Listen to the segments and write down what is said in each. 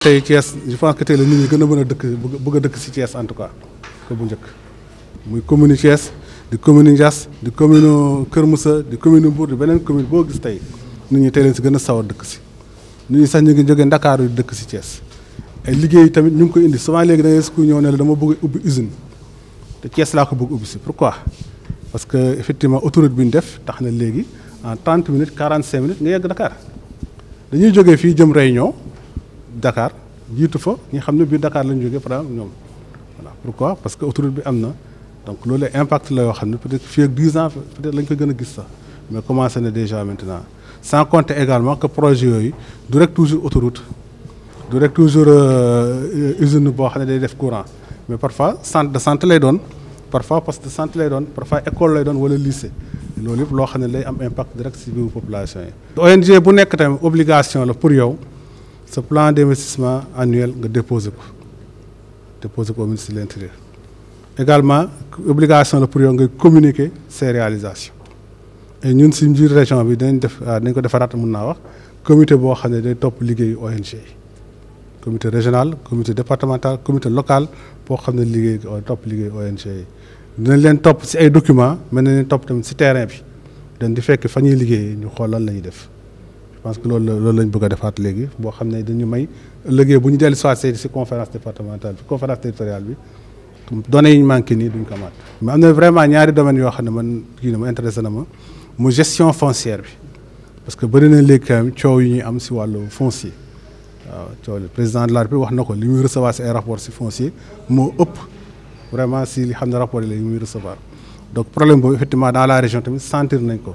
tey Thiès je pense que tey la nit ñi gën a mën a dëkk bëgg a dëkk si Thiès en tout cas que bu njëkk muy commune Thiès di commune Ndias di commune Kër Moussa di commune Mbour di beneen commune boo gis tey nit ñi tey leen si gën a sawar dëkk si nit ñi sax ñu ngi jógee Ndakaaru di dëkk si Thiès ay liggéey tamit ñu ngi ko indi souvent léegi da ngay ku ñëw ne la dama bëgg ubbi usine te Thiès laa ko bëgg ubbi si pourquoi parce que effectivement autoroute bi ñu def tax na léegi en 30 minutes 45 minutes nga yegg dañuy jógee fii jëm réunion Dakar jiitu fa ñi xam ne Dakar lañ jógee par exemple ñoom pourquoi parce que autour bi amna, donc loolu impact la yoo peut-être fii ak 10 ans peut-être lañ ko gën gis mais commencé na déjà maintenant sans compter également que projet yooyu du toujours autoroute direct toujours euh, usine boo xam ne day def courant mais parfois centre de santé lay donne, parfois parce de santé lay donne, parfois école lay ou wala lycée loolu yëpp loo xam lay am impact direct sur biir population ONG bu nekk tamit obligation la pour yow. Ce plan d'investissement annuel nga déposé ko déposé au ministre de l'intérieur également obligation de pour communiquer ses réalisations et nous, dans biir région bi dañ def ah, dañ ko defaraat mun naa wax comité boo xam ne day topp ONG comité régional comité départemental comité local pour xam ne liggéey top liggéeyu ONG nous avons leen top si ay documents mais nous avons top, sur terrain bi dañ di fekk que ñuy liggéeyee ñu xool lan la def je pense que loolu la loolu lañ bëgg a defaat léegi boo xam ne dañu may liggéey bu ñu dellu si si conférence départementale bi conférence territoriale bi données yi ñu manqué nii duñ ko amaat mais am na vraiment ñaari domaines yoo xam ne man kii na ma intéressé na ma mu gestion foncière bi parce que bëri na léegi quand même coow yu ñuy am si wàllu foncier waaw coow le président de la République wax na ko li muy recevoir si ay rapport si foncier moo ëpp vraiment si li xam ne rapport yi la muy recevoir donc problème boobu effectivement dans la région tamit sentir nañ ko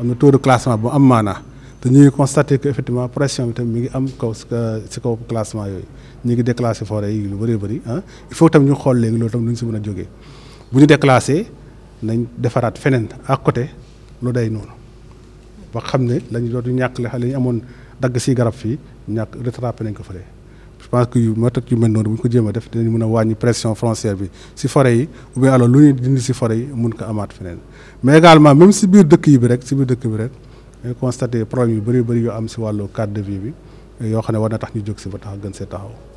am na taux de classement bu am maanaa te ñu ngi constaté pression bi tam mi ngi am kaw si euh, kaw classement yooyu ñu ngi déclassé forêt yi lu bëri bëri ah il faut tam ñu xool léegi loolu tam lu ñu si mën a jógee bu ñu déclassé nañ defaraat feneen à côté lu day noonu ba xam ne lañ dootu ñàkk la ñu amoon dagg si garab fii ñàkk rattrapé nañ ko fële. pense que yu mat ak yu mel noonu bu ñu ko jéem a def dinañ mën a wàññi pression frontière bi si forêt yi ou bien alors lu ñuy dindi si forêt yi mun ko amaat feneen mais également même si biir dëkk yi bi rek si biir dëkk bi rek dañu constaté problème yu bëri bëri yu am si wàllu cadre de vie bi yoo xam ne war na tax ñu jóg si ba tax gën see taxaw